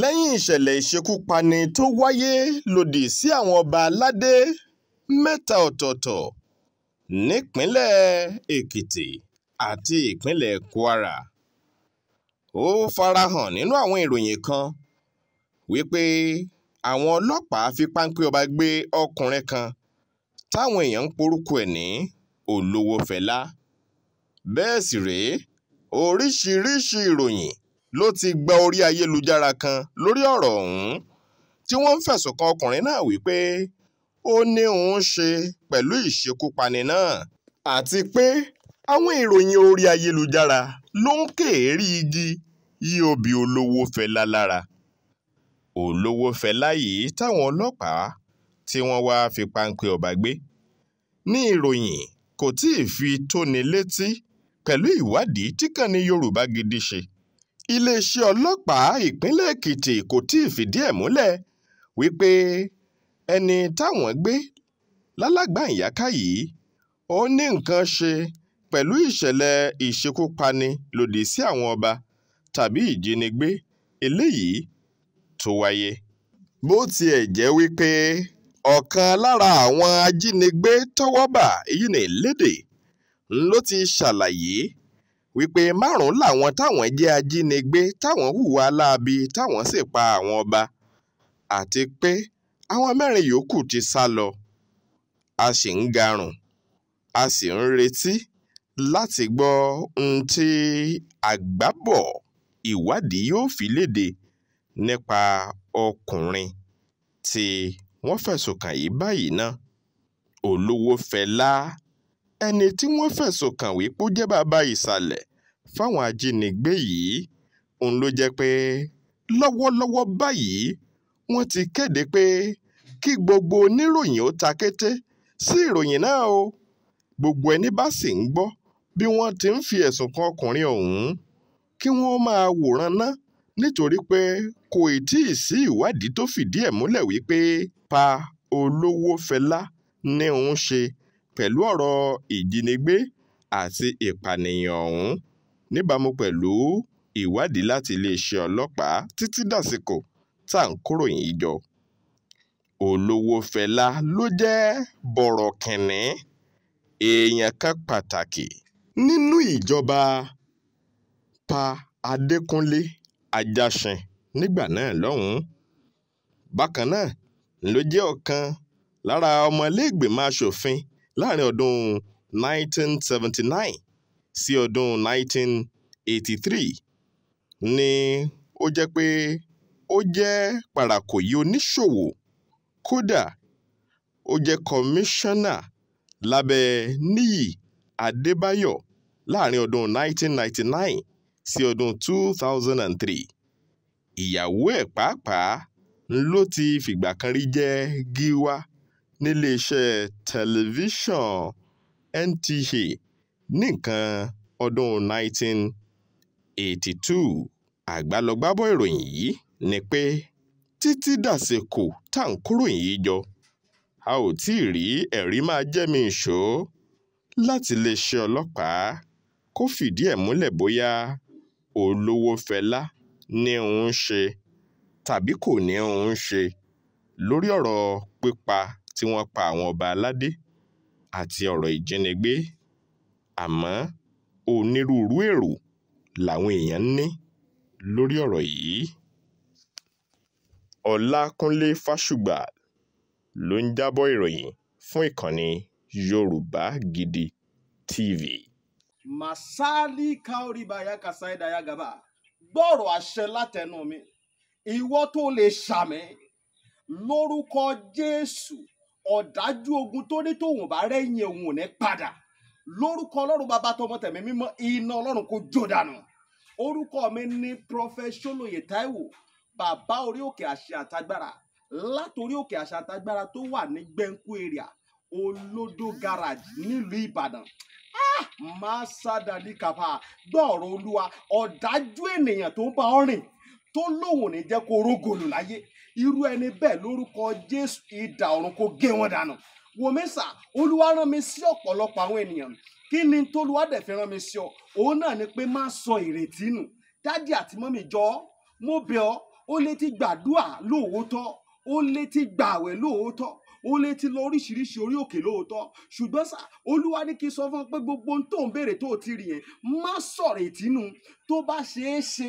lẹ́yìn ìṣẹ̀lẹ̀ ìṣekúpani tó wáyé lòdì sí àwọn ọba aládé mẹ́ta ọ̀tọ̀ọ̀tọ̀ nípínlẹ̀ èkìtì àti ìpínlẹ̀ kwara ó farahàn nínú àwọn ìròyìn kan wípé àwọn ọlọ́pàá fi páńpẹ́ ọba gbé ọkùnrin kan táwọn èèyàn ń porúkọ ẹ̀ ní olówó fẹlá bẹ́ẹ̀ sì rèé oríṣiríṣi ìròyìn ló ti gba orí ayélujára kan lórí ọ̀rọ̀ ọ̀hún tí wọ́n ń fẹ̀sùn kan ọkùnrin náà wípé ó ní òun ṣe pẹ̀lú ìṣekúpani náà àti pé àwọn ìròyìn orí ayélujára ló ń kéèrí igi yí obì olówó fẹlá lára olówó fẹlá yìí táwọn ọlọ́pàá tí wọ́n wáá fi páńpẹ́ ọba gbé ní ìròyìn kò tí ì fi tóni létí pẹ̀lú ìwádìí tí kàn ní Yorùbá Gidi ṣe iléeṣẹ́ ọlọ́pàá ìpínlẹ̀ èkìtì kò tí ì fìdí ẹ̀ múlẹ̀ wípé ẹni táwọn gbé lálàgbàǹyáká yìí ó ní nǹkan ṣe pẹ̀lú ìṣẹ̀lẹ̀ ìṣekúpani lòdì sí àwọn ọba tàbí ìjínigbé eléyìí tó wáyé. bó tiẹ̀ jẹ́ wípé ọ̀kan lára àwọn ajínigbé tọ́wọ́ bà ní lédè ló ti ṣàlàyé wípé márùn-ún làwọn táwọn jẹ́ ajínigbé táwọn hùwà láabi táwọn sì pa àwọn ọba àti pé àwọn mẹ́rin yòókù ti sá lọ a sì ń garùn a sì ń retí láti gbọ́ ohun tí àgbábọ̀ ìwádìí yóò fi léde nípa ọkùnrin tí wọ́n fẹ̀sùn kàn yìí báyìí ná Olówófẹlá ẹni tí wọ́n fẹ̀sùn kàn wípé ó jẹ́ bàbá ìsàlẹ̀ fáwọn ajínigbé yìí òun ló jẹ́ pé lọ́wọ́lọ́wọ́ báyìí wọ́n ti kéde pé kí gbogbo oníròyìn ó ta kété sí ìròyìn náà o gbogbo ẹni bá sì ń gbọ́ bí wọ́n ti ń fi ẹ̀sùn kan ọkùnrin ọ̀hún kí wọ́n máa wòran ná nítorí pé kò tí ì sí ìwádìí tó fìdí ẹ̀ múlẹ̀ wípé pa olówó Fẹlá ní òun ṣe pẹ̀lú ọ̀rọ̀ ìjínigbé àti ìpànìyàn ọ̀hún níbàámu pẹ̀lú ìwádìí láti iléeṣẹ́ ọlọ́pàá títí dàsìkò tá à ń kóròyìn yìí jọ. Olówófẹlá ló jẹ́ bọ̀rọ̀kìnní èèyàn kan pàtàkì nínú ìjọba pa Adékúnlé Ajásìn nígbà náà lọ́hùn-ún bákan náà ló jẹ́ ọ̀kan lára ọmọlẹ́gbẹ̀mọ asòfin láàrin ọdún 1979 sí ọdún 1983 ni ó jẹ́ pé ó jẹ́ pàràkòyí oníṣòwò kódà ó jẹ́ kọmíṣánná lábẹ́ Níyì Adébáyọ̀ láàrin ọdún 1999 sí ọdún 2003 ìyàwó ẹ̀ pàápàá ló ti fìgbà kan rí jẹ́ Gíwá níléeṣẹ́ tẹlifíṣọ̀n nta ní nǹkan ọdún 1982 àgbàlọgbábọ̀ ìròyìn yìí ni pé títí dàsìkò tá à ń kóròyìn yìí jọ a ò tí ì rí ẹ̀rí máa jẹ́mi ìṣó láti iléeṣẹ́ ọlọ́pàá kó fìdí ẹ̀ múlẹ̀ bóyá olówó Fẹlá ní òun ṣe tàbí kò ní òun ṣe lórí ọ̀rọ̀ pípa tí wọ́n pa àwọn ọba aládé àti ọ̀rọ̀ ìjínigbé àmọ́ onírúurú èrò làwọn èèyàn ní lórí ọ̀rọ̀ yìí ọlákúnlé fásùgbà ló ń jábọ̀ ìròyìn fún ìkànnì yorùbá gidi tv. masali kaoribaya kasaidaya gaba gbọ́rọ̀ àṣẹ látẹnu mi ìwọ tó lè ṣàmì lórúkọ jésù ọ̀dájú ogun tó ní tòun bá rẹ́yìn òun ò ní padà lórúkọ ọlọ́run bàbá tọmọ tẹ̀mí mímọ́ iná ọlọ́run kò jó dànù orúkọ mi ní prọfẹsọlóye Táíwò bàbá orí òkè àṣẹ àtagbára látòrí òkè àṣẹ àtagbára tó wà ní gbẹ̀ǹkú area olódó garage nílùú Ìbàdàn ah! máa sádàdí kàfà gbọ́ ọ̀rọ̀ olúwa ọ̀dájú ènìyàn tó ń bá ọ rìn tó lòun ò ní jẹ́ kó rógòlù láyé irú ẹni bẹ́ẹ̀ lórúkọ Jésù idà ọ̀run kó gé wọn dànù wòmísà olúwa rán mi sí ọ̀pọ̀lọpọ̀ àwọn ènìyàn kí ni tolúwa dẹ̀ fi rán mi sí ọ òun náà ni pé má sọ ìrètí nù dádì àti mọ́mì jọ ọ́ mo bẹ̀ ọ́ ó lè ti gbàdúà lóòótọ́ ó lè ti gbààwẹ̀ lóòótọ́ ó lè ti lọ oríṣiríṣi orí òkè lóòótọ́ ṣùgbọ́n sà olúwa ní kí n sọ fún ọ pé gbogbo ohun tó ń béèrè tó ti rí yẹn má sọ̀rètí nù tó bá ṣeé ṣe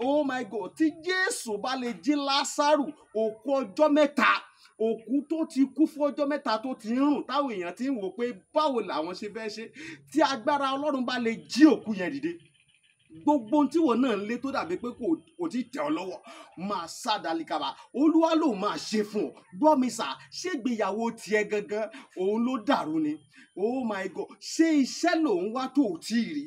oh my god tí jésù bá lè jí lásàrù òkú ọjọ́ mẹ́ta òkú tó ti kú fún ọjọ́ mẹ́ta tó ti ń rùn táwọn èèyàn ti ń wò pé báwo làwọn ṣe fẹ́ ṣe tí agbára ọlọ́run bá lè jí òkú yẹn dìde gbogbo tí wọn náà ń lé tó dàbí pé kò tí tẹ̀ ọ́ lọ́wọ́ máa sá dalikaba olúwa ló máa ṣe fún ọ gbọ́ mi sà ṣé ìgbéyàwó tiẹ̀ gangan òun ló dàrú ni oh my god ṣé iṣẹ́ lòun wá tó ò tí ì rí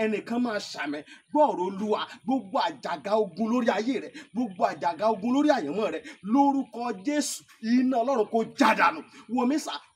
ẹnìkan máa ṣàmì gbọ́ọ̀rọ̀ olúwa gbogbo àjàgà ogun lórí ayé rẹ gbogbo àjàgà ogun lórí àyànmọ́ rẹ lórúkọ jésù iná ọlọ́run kò jádànù wọmísà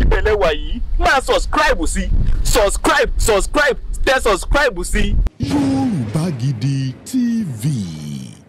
ìbẹ̀lẹ̀ wà yìí máa subscribe sí subscribe subscribe tẹ subscribe sí. Yorùbá Gidi TV.